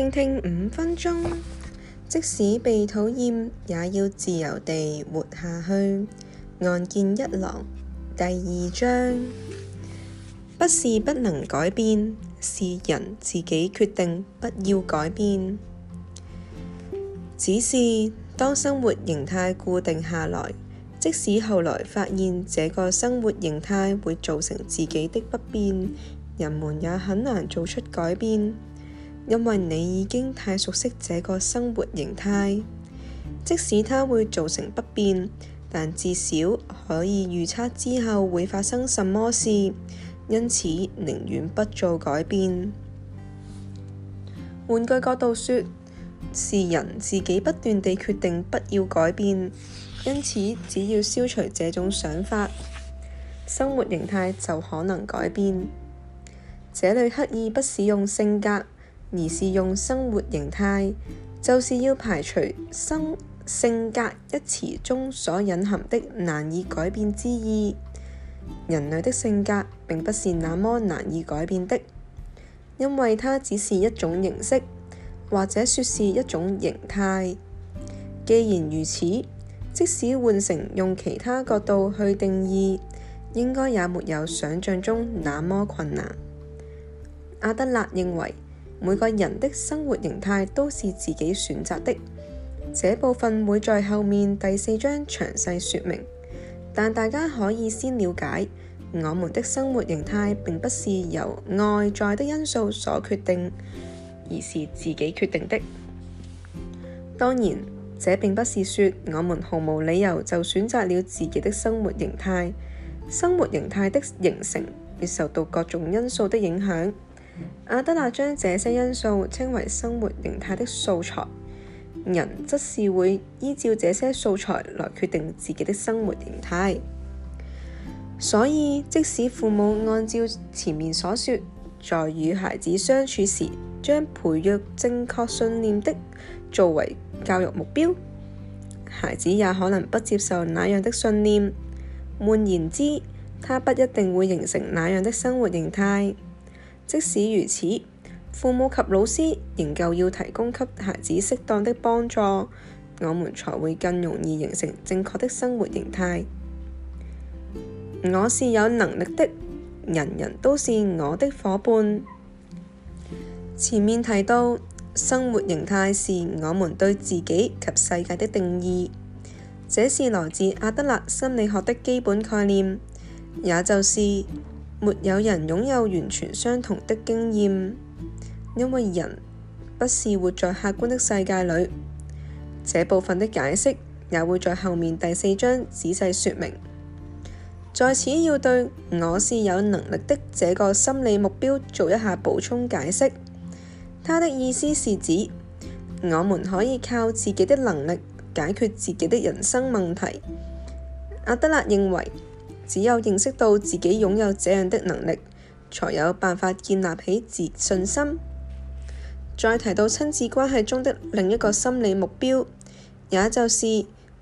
聽聽五分鐘，即使被討厭，也要自由地活下去。岸見一郎，第二章，不是不能改變，是人自己決定不要改變。只是當生活形態固定下來，即使後來發現這個生活形態會造成自己的不便，人們也很難做出改變。因為你已經太熟悉這個生活形態，即使它會造成不便，但至少可以預測之後會發生什麼事，因此寧願不做改變。換個角度說，是人自己不斷地決定不要改變，因此只要消除這種想法，生活形態就可能改變。這裡刻意不使用性格。而是用生活形態，就是要排除生性格一詞中所隱含的難以改變之意。人類的性格並不是那麼難以改變的，因為它只是一種形式，或者說是一種形態。既然如此，即使換成用其他角度去定義，應該也沒有想象中那麼困難。阿德勒認為。每個人的生活形態都是自己選擇的，這部分會在後面第四章詳細說明。但大家可以先了解，我們的生活形態並不是由外在的因素所決定，而是自己決定的。當然，這並不是說我們毫無理由就選擇了自己的生活形態，生活形態的形成要受到各種因素的影響。阿德勒將這些因素稱為生活形態的素材，人則是會依照這些素材來決定自己的生活形態。所以，即使父母按照前面所說，在與孩子相處時，將培育正確信念的作為教育目標，孩子也可能不接受那樣的信念。換言之，他不一定會形成那樣的生活形態。即使如此，父母及老師仍舊要提供給孩子適當的幫助，我們才會更容易形成正確的生活形態。我是有能力的，人人都是我的夥伴。前面提到，生活形態是我們對自己及世界的定義，這是來自阿德勒心理學的基本概念，也就是。沒有人擁有完全相同的經驗，因為人不是活在客觀的世界裏。這部分的解釋也會在後面第四章仔細說明。在此要對我是有能力的這個心理目標做一下補充解釋，他的意思是指，我們可以靠自己的能力解決自己的人生問題。阿德勒認為：只有認識到自己擁有這樣的能力，才有辦法建立起自信心。再提到親子關係中的另一個心理目標，也就是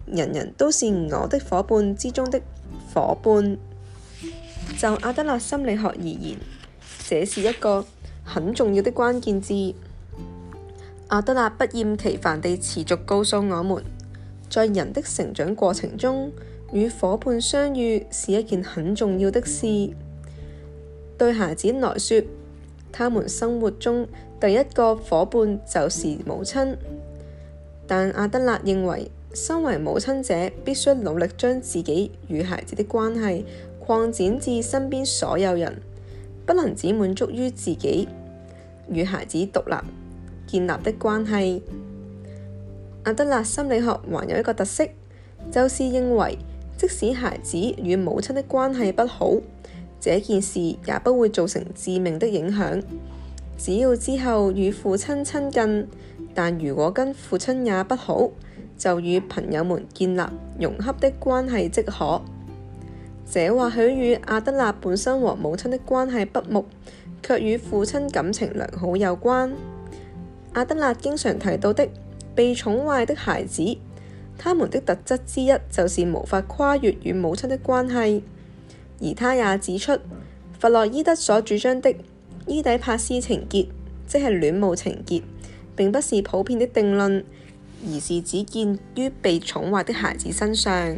人人都是我的夥伴之中的夥伴。就阿德勒心理學而言，這是一個很重要的關鍵字。阿德勒不厭其煩地持續告訴我們，在人的成長過程中。與夥伴相遇是一件很重要的事，對孩子來說，他們生活中第一個夥伴就是母親。但阿德勒認為，身為母親者必須努力將自己與孩子的關係擴展至身邊所有人，不能只滿足於自己與孩子獨立建立的關係。阿德勒心理學還有一個特色，就是認為。即使孩子與母親的關係不好，這件事也不會造成致命的影響。只要之後與父親親近，但如果跟父親也不好，就與朋友們建立融洽的關係即可。這或許與阿德勒本身和母親的關係不睦，却與父親感情良好有關。阿德勒經常提到的被寵壞的孩子。他們的特質之一就是無法跨越與母親的關係，而他也指出，弗洛伊德所主張的伊底帕斯情結，即係戀母情結，並不是普遍的定論，而是只見於被寵壞的孩子身上。